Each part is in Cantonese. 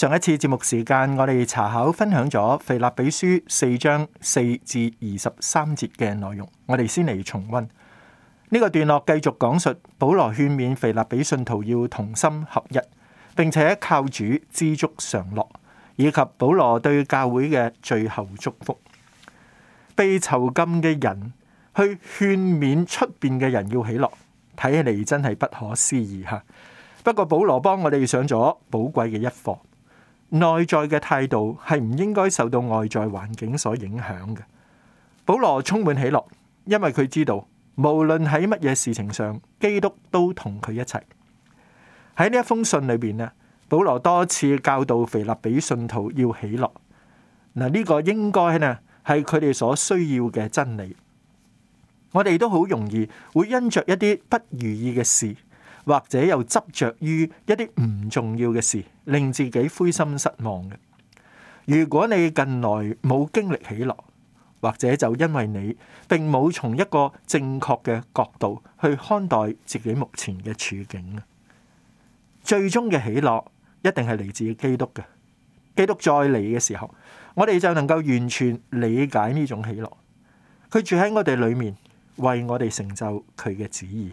上一次節目時間，我哋查考分享咗《腓立比書》四章四至二十三節嘅內容。我哋先嚟重溫呢、這個段落，繼續講述保羅勸勉腓立比信徒要同心合一，並且靠主知足常樂，以及保羅對教會嘅最後祝福。被囚禁嘅人去勸勉出邊嘅人要喜樂，睇起嚟真係不可思議吓。不過保羅幫我哋上咗寶貴嘅一課。內在嘅態度係唔應該受到外在環境所影響嘅。保羅充滿喜樂，因為佢知道無論喺乜嘢事情上，基督都同佢一齊。喺呢一封信裏邊咧，保羅多次教導腓立比信徒要喜樂。嗱、這、呢個應該咧係佢哋所需要嘅真理。我哋都好容易會因着一啲不如意嘅事。或者又執着於一啲唔重要嘅事，令自己灰心失望嘅。如果你近來冇經歷喜樂，或者就因為你並冇從一個正確嘅角度去看待自己目前嘅處境，最終嘅喜樂一定係嚟自基督嘅。基督再嚟嘅時候，我哋就能夠完全理解呢種喜樂。佢住喺我哋裏面，為我哋成就佢嘅旨意。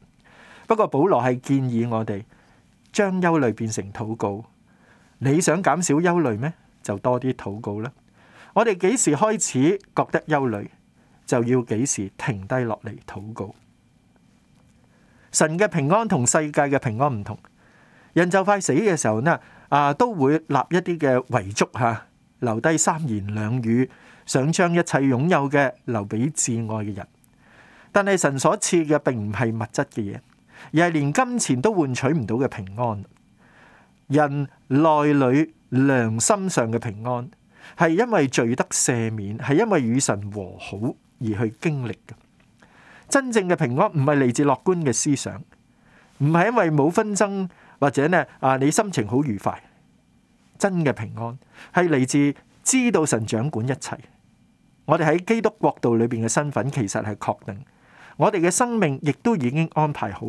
不過保羅係建議我哋將憂慮變成禱告。你想減少憂慮咩？就多啲禱告啦。我哋幾時開始覺得憂慮，就要幾時停低落嚟禱告。神嘅平安同世界嘅平安唔同。人就快死嘅時候呢，啊，都會立一啲嘅遺囑吓，留低三言兩語，想將一切擁有嘅留俾至愛嘅人。但係神所賜嘅，並唔係物質嘅嘢。而係連金錢都換取唔到嘅平安，人內裏良心上嘅平安係因為罪得赦免，係因為與神和好而去經歷嘅。真正嘅平安唔係嚟自樂觀嘅思想，唔係因為冇紛爭或者呢啊，你心情好愉快。真嘅平安係嚟自知道神掌管一切。我哋喺基督國度裏邊嘅身份其實係確定，我哋嘅生命亦都已經安排好。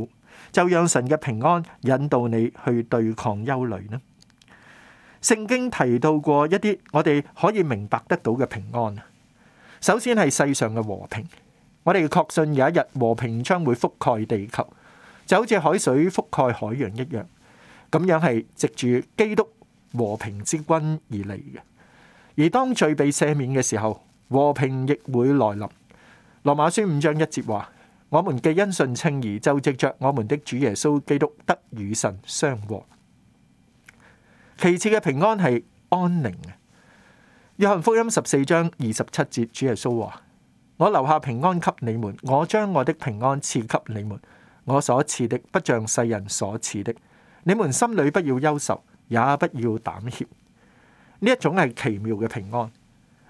就讓神嘅平安引導你去對抗憂慮呢？聖經提到過一啲我哋可以明白得到嘅平安啊。首先係世上嘅和平，我哋確信有一日和平將會覆蓋地球，就好似海水覆蓋海洋一樣。咁樣係藉住基督和平之君而嚟嘅。而當罪被赦免嘅時候，和平亦會來臨。羅馬書五章一節話。我們既因信稱義，就藉着我們的主耶穌基督得與神相和。其次嘅平安係安寧。約翰福音十四章二十七節，主耶穌話：我留下平安給你們，我將我的平安賜給你們，我所賜的不像世人所賜的。你們心裏不要憂愁，也不要膽怯。呢一種係奇妙嘅平安，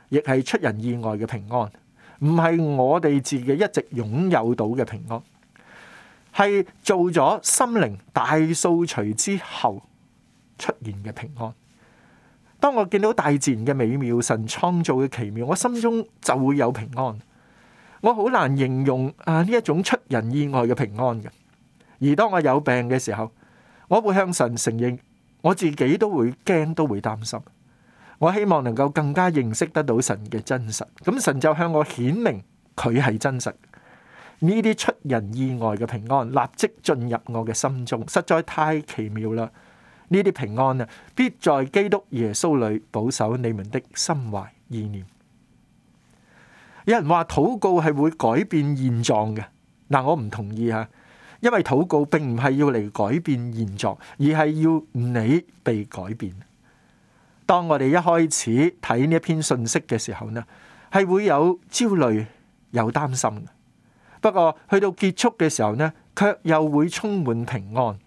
亦係出人意外嘅平安。唔係我哋自己一直擁有到嘅平安，係做咗心靈大掃除之後出現嘅平安。當我見到大自然嘅美妙、神創造嘅奇妙，我心中就會有平安。我好難形容啊，呢一種出人意外嘅平安嘅。而當我有病嘅時候，我會向神承認，我自己都會驚，都會擔心。我希望能夠更加認識得到神嘅真實，咁神就向我顯明佢係真實。呢啲出人意外嘅平安立即進入我嘅心中，實在太奇妙啦！呢啲平安啊，必在基督耶穌裏保守你們的心懷意念。有人話禱告係會改變現狀嘅，嗱，我唔同意吓，因為禱告並唔係要嚟改變現狀，而係要你被改變。當我哋一開始睇呢一篇信息嘅時候呢，係會有焦慮、有擔心嘅。不過去到結束嘅時候呢，卻又會充滿平安。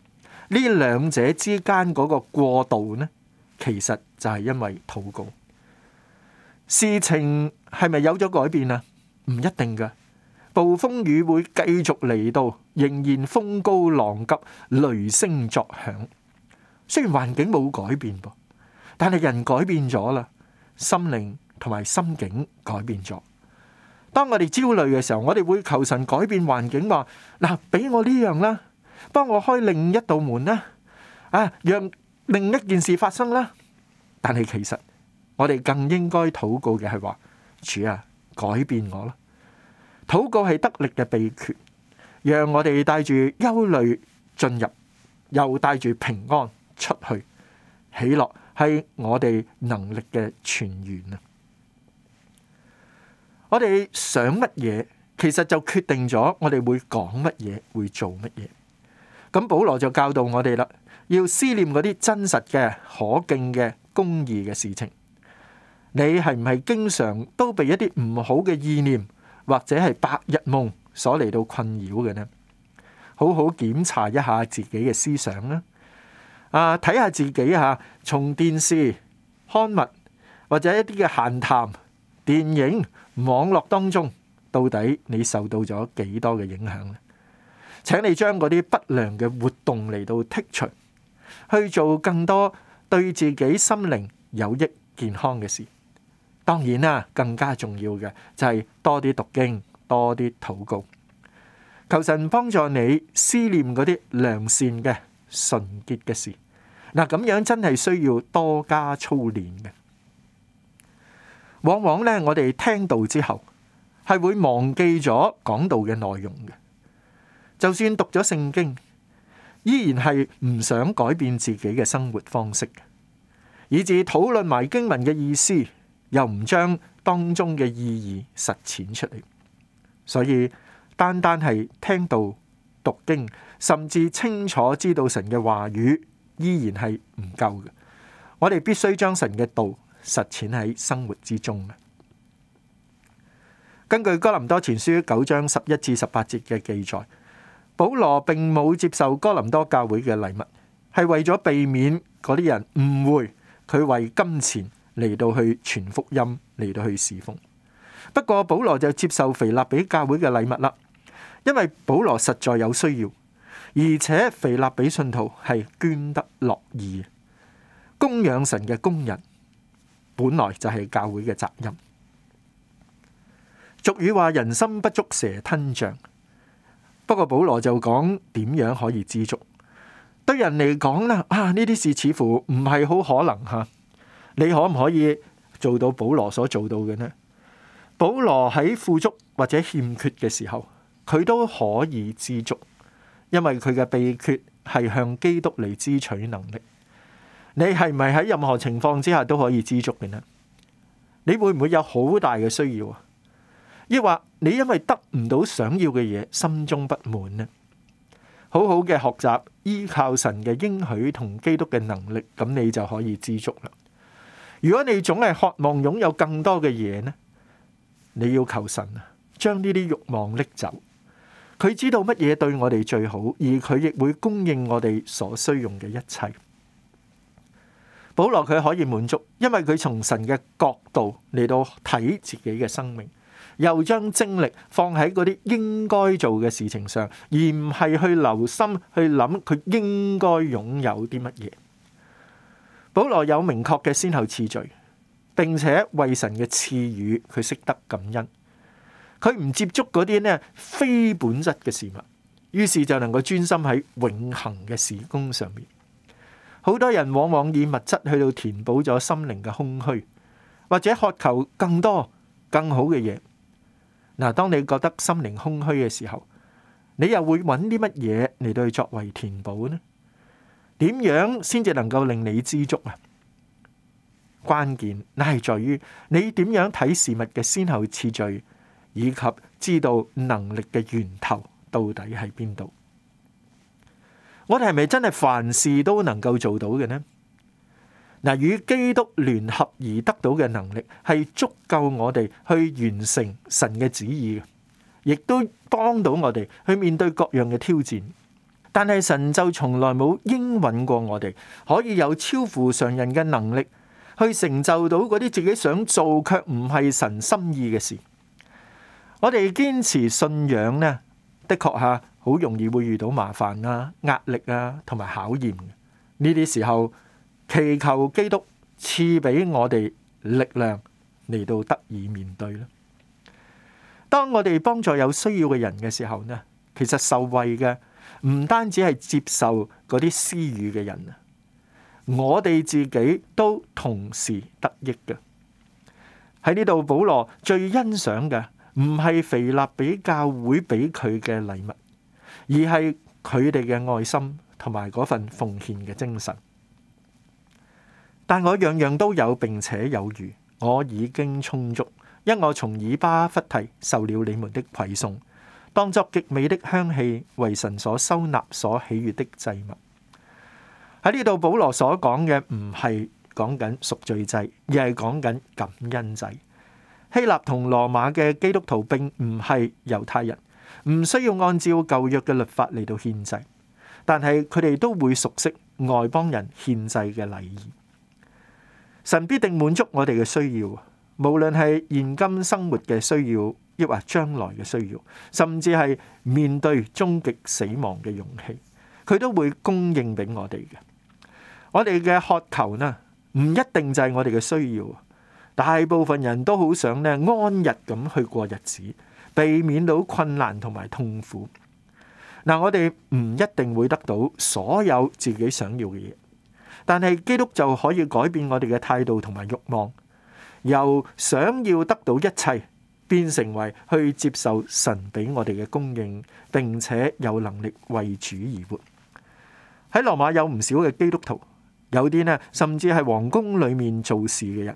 呢兩者之間嗰個過渡呢，其實就係因為禱告。事情係咪有咗改變啊？唔一定㗎。暴風雨會繼續嚟到，仍然風高浪急、雷聲作響。雖然環境冇改變噃。但係人改變咗啦，心靈同埋心境改變咗。當我哋焦慮嘅時候，我哋會求神改變環境，話，嗱，俾我呢樣啦，幫我開另一道門啦，啊讓另一件事發生啦。但係其實我哋更應該禱告嘅係話，主啊，改變我啦。禱告係得力嘅秘訣，讓我哋帶住憂慮進入，又帶住平安出去、喜樂。係我哋能力嘅泉源啊！我哋想乜嘢，其實就決定咗我哋會講乜嘢，會做乜嘢。咁保羅就教導我哋啦，要思念嗰啲真實嘅、可敬嘅、公義嘅事情。你係唔係經常都被一啲唔好嘅意念或者係白日夢所嚟到困擾嘅呢？好好檢查一下自己嘅思想啦。啊！睇下自己吓，從電視、刊物，或者一啲嘅閒談、電影、網絡當中，到底你受到咗幾多嘅影響呢？請你將嗰啲不良嘅活動嚟到剔除，去做更多對自己心靈有益、健康嘅事。當然啦，更加重要嘅就係多啲讀經，多啲禱告，求神幫助你思念嗰啲良善嘅、純潔嘅事。嗱，咁樣真係需要多加操練嘅。往往呢，我哋聽道之後係會忘記咗講道嘅內容嘅。就算讀咗聖經，依然係唔想改變自己嘅生活方式嘅，以至討論埋經文嘅意思，又唔將當中嘅意義實踐出嚟。所以，單單係聽到讀經，甚至清楚知道神嘅話語。依然係唔夠嘅，我哋必須將神嘅道實踐喺生活之中嘅。根據哥林多前書九章十一至十八節嘅記載，保羅並冇接受哥林多教會嘅禮物，係為咗避免嗰啲人誤會佢為金錢嚟到去傳福音嚟到去侍奉。不過保羅就接受腓立比教會嘅禮物啦，因為保羅實在有需要。而且腓立比信徒係捐得樂意，供養神嘅工人本來就係教會嘅責任。俗語話人心不足蛇吞象，不過保羅就講點樣可以知足。對人嚟講啦，啊呢啲事似乎唔係好可能吓，你可唔可以做到保羅所做到嘅呢？保羅喺富足或者欠缺嘅時候，佢都可以知足。因為佢嘅秘訣係向基督嚟支取能力，你係咪喺任何情況之下都可以知足嘅呢？你會唔會有好大嘅需要啊？抑或你因為得唔到想要嘅嘢，心中不滿呢？好好嘅學習，依靠神嘅應許同基督嘅能力，咁你就可以知足啦。如果你總係渴望擁有更多嘅嘢呢？你要求神啊，將呢啲慾望拎走。佢知道乜嘢對我哋最好，而佢亦會供應我哋所需用嘅一切。保羅佢可以滿足，因為佢從神嘅角度嚟到睇自己嘅生命，又將精力放喺嗰啲應該做嘅事情上，而唔係去留心去諗佢應該擁有啲乜嘢。保羅有明確嘅先後次序，並且為神嘅賜予，佢識得感恩。佢唔接觸嗰啲咧，非本質嘅事物，於是就能夠專心喺永恆嘅事工上面。好多人往往以物質去到填補咗心靈嘅空虛，或者渴求更多更好嘅嘢。嗱，當你覺得心靈空虛嘅時候，你又會揾啲乜嘢嚟到去作為填補呢？點樣先至能夠令你知足啊？關鍵乃係在於你點樣睇事物嘅先後次序。以及知道能力嘅源頭到底喺邊度？我哋係咪真係凡事都能夠做到嘅呢？嗱，與基督聯合而得到嘅能力係足夠我哋去完成神嘅旨意嘅，亦都幫到我哋去面對各樣嘅挑戰。但係神就從來冇應允過我哋可以有超乎常人嘅能力去成就到嗰啲自己想做卻唔係神心意嘅事。我哋堅持信仰呢，的確吓好容易會遇到麻煩啊、壓力啊，同埋考驗。呢啲時候，祈求基督賜俾我哋力量嚟到得以面對啦。當我哋幫助有需要嘅人嘅時候呢，其實受惠嘅唔單止係接受嗰啲私語嘅人啊，我哋自己都同時得益嘅。喺呢度，保羅最欣賞嘅唔係腓立比教會俾佢嘅禮物，而係佢哋嘅愛心同埋嗰份奉獻嘅精神。但我樣樣都有，並且有餘，我已經充足，因我從以巴弗提受了你們的饋送，當作極美的香氣，為神所收納所喜悅的祭物。喺呢度，保羅所講嘅唔係講緊贖罪祭，而係講緊感恩祭。希臘同羅馬嘅基督徒並唔係猶太人，唔需要按照舊約嘅律法嚟到獻祭，但係佢哋都會熟悉外邦人獻祭嘅禮儀。神必定滿足我哋嘅需要，無論係現今生活嘅需要，抑或將來嘅需要，甚至係面對終極死亡嘅勇氣，佢都會供應俾我哋嘅。我哋嘅渴求呢，唔一定就係我哋嘅需要。大部分人都好想咧安逸咁去過日子，避免到困難同埋痛苦。嗱，我哋唔一定會得到所有自己想要嘅嘢，但係基督就可以改變我哋嘅態度同埋欲望，由想要得到一切，變成為去接受神俾我哋嘅供應，並且有能力為主而活。喺羅馬有唔少嘅基督徒，有啲呢甚至係皇宮裏面做事嘅人。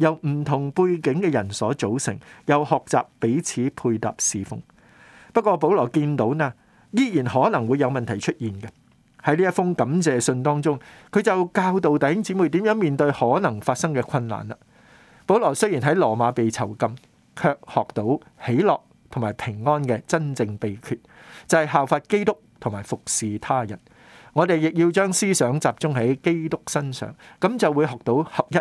由唔同背景嘅人所組成，又學習彼此配搭侍奉。不過保羅見到呢，依然可能會有問題出現嘅。喺呢一封感謝信當中，佢就教導弟兄姊妹點樣面對可能發生嘅困難啦。保羅雖然喺羅馬被囚禁，卻學到喜樂同埋平安嘅真正秘訣，就係、是、效法基督同埋服侍他人。我哋亦要將思想集中喺基督身上，咁就會學到合一、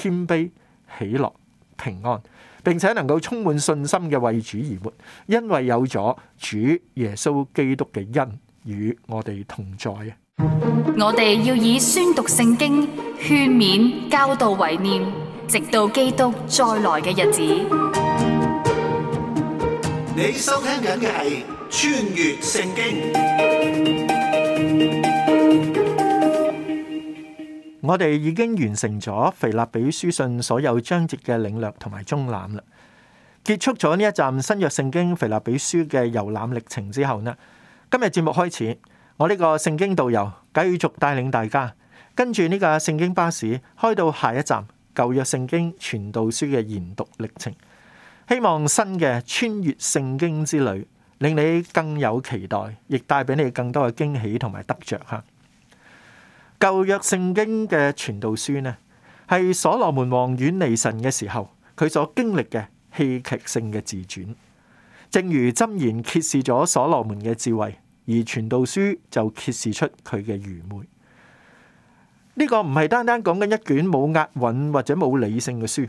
謙卑。喜樂平安，並且能夠充滿信心嘅為主而活，因為有咗主耶穌基督嘅恩與我哋同在啊！我哋要以宣讀聖經、勸勉、教導為念，直到基督再來嘅日子。你收聽緊嘅係《穿越聖經》。我哋已經完成咗《腓立比書》信所有章節嘅領略同埋中覽啦，結束咗呢一站新約聖經《腓立比書》嘅遊覽歷程之後呢，今日節目開始，我呢個聖經導遊繼續帶領大家跟住呢個聖經巴士開到下一站舊約聖經《傳道書》嘅研讀歷程，希望新嘅穿越聖經之旅令你更有期待，亦帶俾你更多嘅驚喜同埋得着哈。舊約聖經嘅傳道書呢，係所羅門王遠離神嘅時候，佢所經歷嘅戲劇性嘅自傳，正如箴言揭示咗所羅門嘅智慧，而傳道書就揭示出佢嘅愚昧。呢個唔係單單講緊一卷冇押韻或者冇理性嘅書，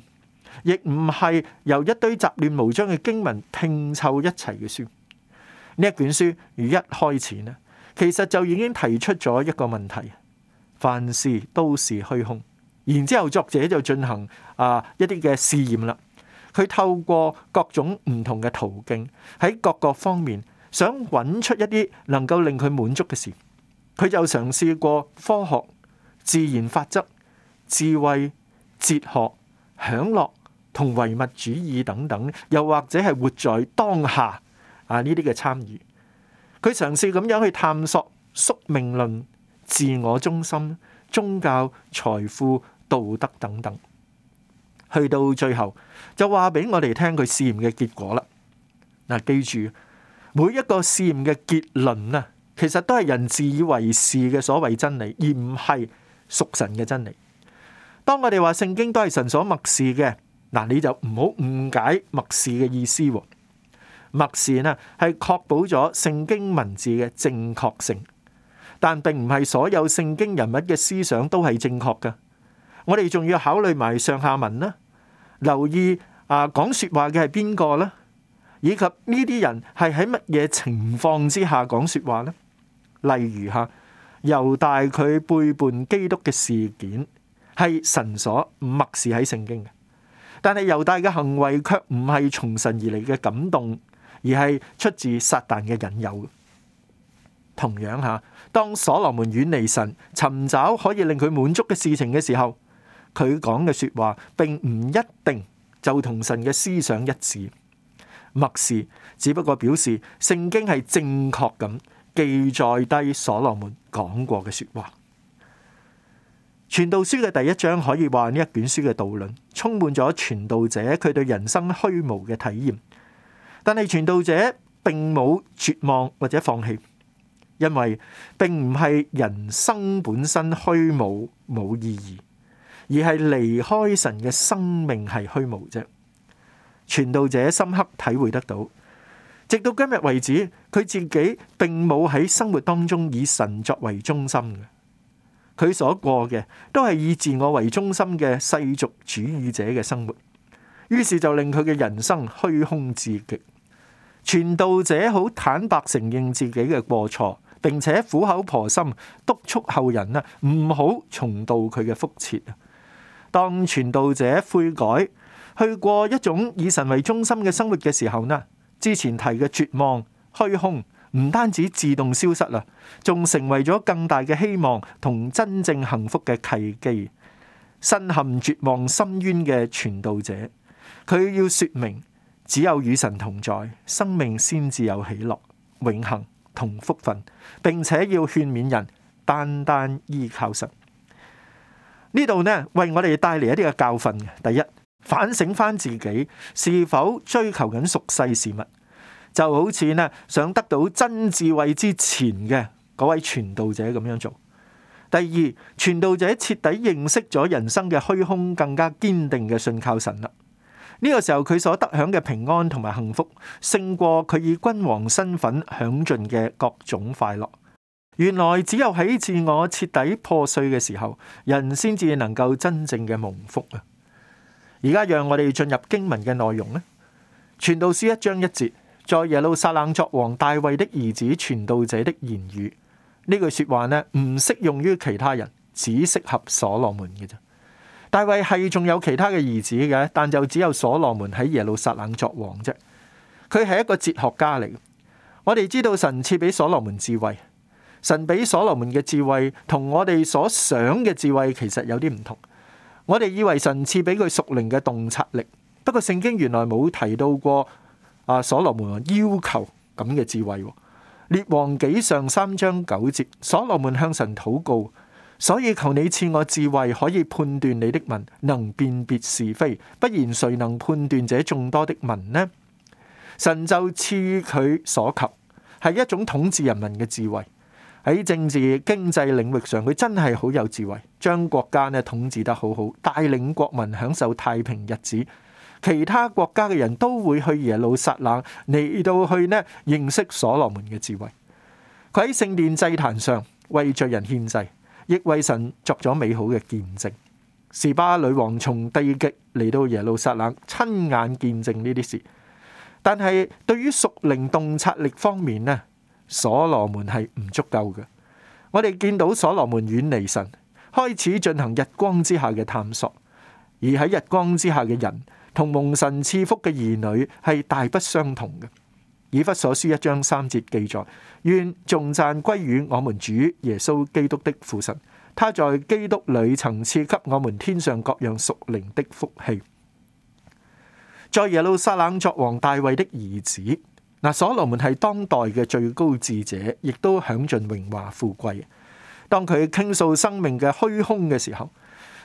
亦唔係由一堆雜亂無章嘅經文拼湊一齊嘅書。呢一卷書如一開始呢，其實就已經提出咗一個問題。凡事都是虛空，然之後作者就進行啊一啲嘅試驗啦。佢透過各種唔同嘅途徑，喺各個方面想揾出一啲能夠令佢滿足嘅事。佢就嘗試過科學、自然法則、智慧、哲學、享樂同唯物主義等等，又或者係活在當下啊呢啲嘅參與。佢嘗試咁樣去探索宿命論。自我中心、宗教、財富、道德等等，去到最後就話俾我哋聽佢試驗嘅結果啦。嗱，記住每一個試驗嘅結論啊，其實都係人自以為是嘅所謂真理，而唔係屬神嘅真理。當我哋話聖經都係神所默示嘅，嗱，你就唔好誤解默示嘅意思喎。默示呢係確保咗聖經文字嘅正確性。但並唔係所有聖經人物嘅思想都係正確嘅，我哋仲要考慮埋上下文啦，留意啊講説話嘅係邊個啦，以及呢啲人係喺乜嘢情況之下講説話呢？例如吓猶大佢背叛基督嘅事件係神所默示喺聖經嘅，但係猶大嘅行為卻唔係從神而嚟嘅感動，而係出自撒但嘅引誘。同樣吓，當所羅門遠離神，尋找可以令佢滿足嘅事情嘅時候，佢講嘅說話並唔一定就同神嘅思想一致。默示只不過表示聖經係正確咁記載低所羅門講過嘅說話。傳道書嘅第一章可以話呢一卷書嘅導論，充滿咗傳道者佢對人生虛無嘅體驗，但係傳道者並冇絕望或者放棄。因為並唔係人生本身虛無冇意義，而係離開神嘅生命係虛無啫。傳道者深刻體會得到，直到今日為止，佢自己並冇喺生活當中以神作為中心嘅，佢所過嘅都係以自我為中心嘅世俗主義者嘅生活，於是就令佢嘅人生虛空至極。傳道者好坦白承認自己嘅過錯並且苦口婆心督促後人呢，唔好重蹈佢嘅覆轍。當傳道者悔改去過一種以神為中心嘅生活嘅時候呢，之前提嘅絕望、虛空唔單止自動消失啦，仲成為咗更大嘅希望同真正幸福嘅契機。身陷絕望深淵嘅傳道者，佢要說明，只有與神同在，生命先至有喜樂、永恆。同福分，並且要勸勉人，單單依靠神。呢度呢，為我哋帶嚟一啲嘅教訓嘅。第一，反省翻自己是否追求緊屬世事物，就好似呢，想得到真智慧之前嘅嗰位傳道者咁樣做。第二，傳道者徹底認識咗人生嘅虛空，更加堅定嘅信靠神啦。呢個時候佢所得享嘅平安同埋幸福，勝過佢以君王身份享盡嘅各種快樂。原來只有喺自我徹底破碎嘅時候，人先至能夠真正嘅蒙福啊！而家讓我哋進入經文嘅內容咧，《傳道書》一章一節，在耶路撒冷作王大衛的兒子傳道者的言語。呢句說話呢，唔適用於其他人，只適合所羅門嘅啫。大衛係仲有其他嘅兒子嘅，但就只有所羅門喺耶路撒冷作王啫。佢係一個哲學家嚟。我哋知道神賜俾所羅門智慧，神俾所羅門嘅智慧同我哋所想嘅智慧其實有啲唔同。我哋以為神賜俾佢屬靈嘅洞察力，不過聖經原來冇提到過啊所羅門要求咁嘅智慧。列王紀上三章九節，所羅門向神禱告。所以求你賜我智慧，可以判斷你的民，能辨別是非。不然誰能判斷這眾多的民呢？神就賜予佢所求，係一種統治人民嘅智慧，喺政治經濟領域上，佢真係好有智慧，將國家呢統治得好好，帶領國民享受太平日子。其他國家嘅人都會去耶路撒冷嚟到去呢認識所羅門嘅智慧。佢喺聖殿祭壇上為罪人獻祭，亦為神作咗美好嘅見證，示巴女王從地極嚟到耶路撒冷，親眼見證呢啲事。但係對於屬靈洞察力方面呢，所羅門係唔足夠嘅。我哋見到所羅門遠離神，開始進行日光之下嘅探索，而喺日光之下嘅人，同蒙神賜福嘅兒女係大不相同嘅。以弗所書一章三節記載，願頌讚歸於我們主耶穌基督的父神，他在基督裏曾賜給我們天上各樣屬靈的福氣。在耶路撒冷作王大衛的兒子，嗱，所羅門係當代嘅最高智者，亦都享盡榮華富貴。當佢傾訴生命嘅虛空嘅時候，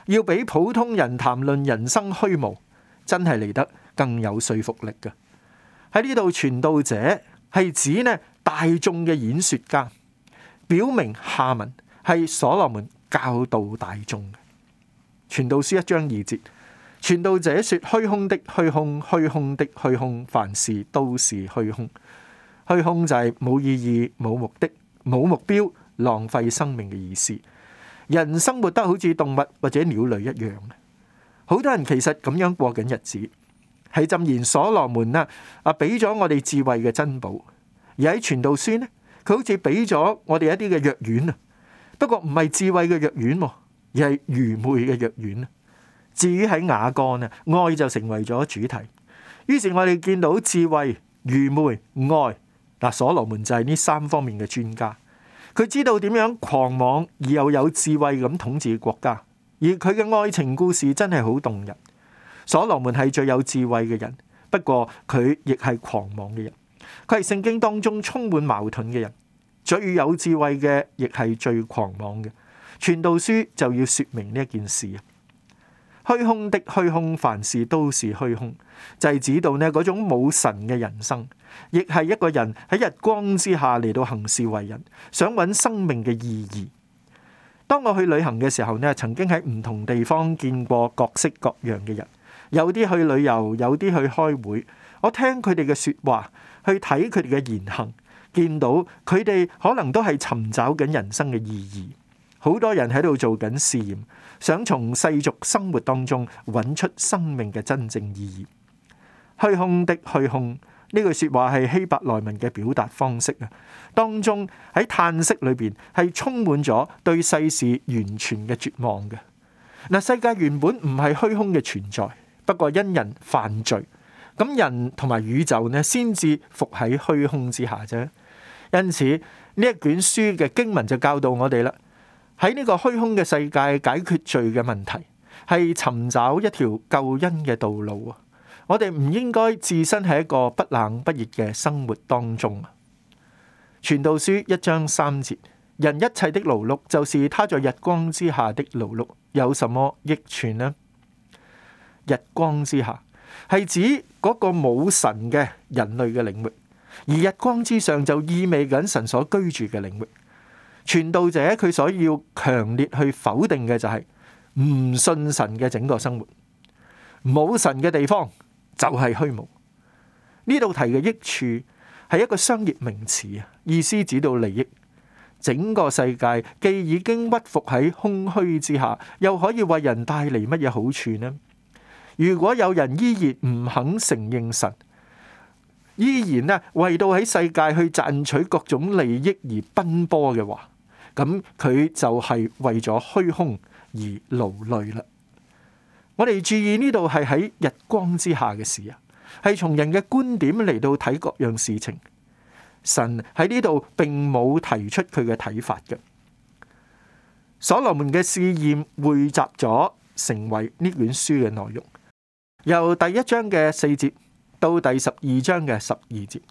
要比普通人談論人生虛無，真係嚟得更有說服力噶。喺呢度，傳道者係指呢大眾嘅演說家，表明下文係所羅門教導大眾嘅。傳道書一章二節，傳道者說：虛空的虛空，虛空的虛空，凡事都是虛空。虛空就係冇意義、冇目的、冇目標，浪費生命嘅意思。人生活得好似動物或者鳥類一樣，好多人其實咁樣過緊日子。喺箴言所羅門啦，啊俾咗我哋智慧嘅珍寶，而喺傳道書咧，佢好似俾咗我哋一啲嘅藥丸啊，不過唔係智慧嘅藥丸，而係愚昧嘅藥丸。至於喺雅歌啊，愛就成為咗主題，於是我哋見到智慧、愚昧、愛嗱，所羅門就係呢三方面嘅專家，佢知道點樣狂妄而又有智慧咁統治國家，而佢嘅愛情故事真係好動人。所羅門係最有智慧嘅人，不過佢亦係狂妄嘅人。佢係聖經當中充滿矛盾嘅人，最有智慧嘅，亦係最狂妄嘅。傳道書就要說明呢一件事啊，虛空的虛空，凡事都是虛空，就係、是、指到呢嗰種冇神嘅人生，亦係一個人喺日光之下嚟到行事為人，想揾生命嘅意義。當我去旅行嘅時候，呢，曾經喺唔同地方見過各式各樣嘅人。有啲去旅遊，有啲去開會。我聽佢哋嘅説話，去睇佢哋嘅言行，見到佢哋可能都係尋找緊人生嘅意義。好多人喺度做緊試驗，想從世俗生活當中揾出生命嘅真正意義。虛空的虛空呢句説話係希伯來文嘅表達方式啊，當中喺嘆息裏邊係充滿咗對世事完全嘅絕望嘅嗱。世界原本唔係虛空嘅存在。不過因人犯罪，咁人同埋宇宙呢，先至伏喺虛空之下啫。因此呢一卷書嘅經文就教導我哋啦，喺呢個虛空嘅世界解決罪嘅問題，係尋找一條救恩嘅道路啊！我哋唔應該置身喺一個不冷不熱嘅生活當中啊！傳道書一章三節：人一切的勞碌，就是他在日光之下的勞碌，有什麼益處呢？日光之下係指嗰個冇神嘅人類嘅領域，而日光之上就意味緊神所居住嘅領域。傳道者佢所要強烈去否定嘅就係唔信神嘅整個生活，冇神嘅地方就係虛無。呢度提嘅益處係一個商業名詞啊，意思指到利益。整個世界既已經屈服喺空虛之下，又可以為人帶嚟乜嘢好處呢？如果有人依然唔肯承認神，依然咧，為到喺世界去賺取各種利益而奔波嘅話，咁佢就係為咗虛空而勞累啦。我哋注意呢度係喺日光之下嘅事啊，係從人嘅觀點嚟到睇各樣事情。神喺呢度並冇提出佢嘅睇法嘅。所羅門嘅試驗匯集咗，成為呢卷書嘅內容。由第一章嘅四節到第十二章嘅十二節，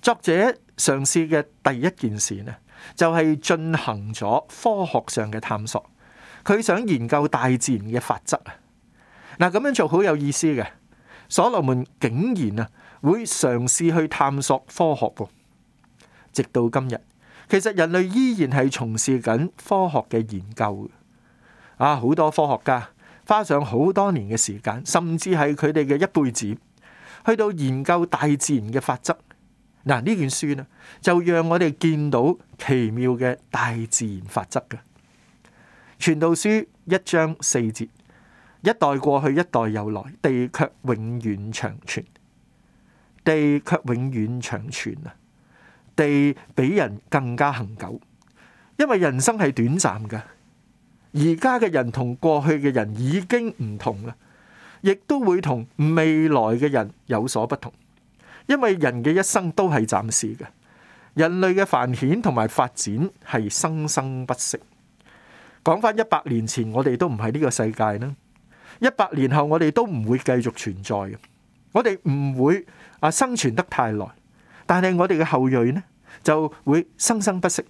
作者嘗試嘅第一件事呢，就係進行咗科學上嘅探索。佢想研究大自然嘅法則，嗱，咁樣做好有意思嘅，所羅門竟然啊會嘗試去探索科學。直到今日，其實人類依然係從事緊科學嘅研究。啊，好多科學家。花上好多年嘅時間，甚至係佢哋嘅一輩子，去到研究大自然嘅法則。嗱，呢本書呢，就讓我哋見到奇妙嘅大自然法則嘅。傳道書一章四節：一代過去，一代又來，地卻永遠長存。地卻永遠長存啊！地比人更加恆久，因為人生係短暫㗎。而家嘅人同過去嘅人已經唔同啦，亦都會同未來嘅人有所不同，因為人嘅一生都係暫時嘅。人類嘅繁衍同埋發展係生生不息。講返一百年前，我哋都唔喺呢個世界啦。一百年後，我哋都唔會繼續存在嘅。我哋唔會啊生存得太耐，但係我哋嘅後裔呢就會生生不息。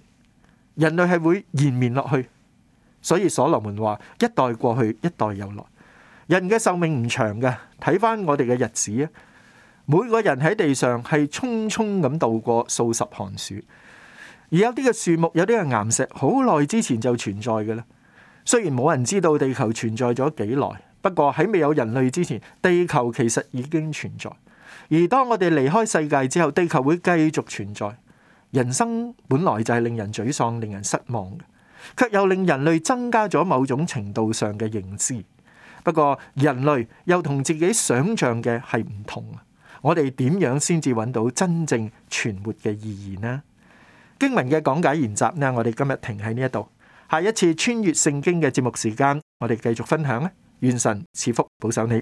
人類係會延綿落去。所以所羅門話：一代過去，一代又來。人嘅壽命唔長嘅，睇返我哋嘅日子啊！每個人喺地上係匆匆咁度過數十寒暑，而有啲嘅樹木，有啲嘅岩石，好耐之前就存在嘅咧。雖然冇人知道地球存在咗幾耐，不過喺未有人類之前，地球其實已經存在。而當我哋離開世界之後，地球會繼續存在。人生本來就係令人沮喪、令人失望嘅。卻又令人類增加咗某種程度上嘅認知。不過人類又同自己想象嘅係唔同啊！我哋點樣先至揾到真正存活嘅意義呢？經文嘅講解研習呢，我哋今日停喺呢一度。下一次穿越聖經嘅節目時間，我哋繼續分享咧。願神賜福保守你。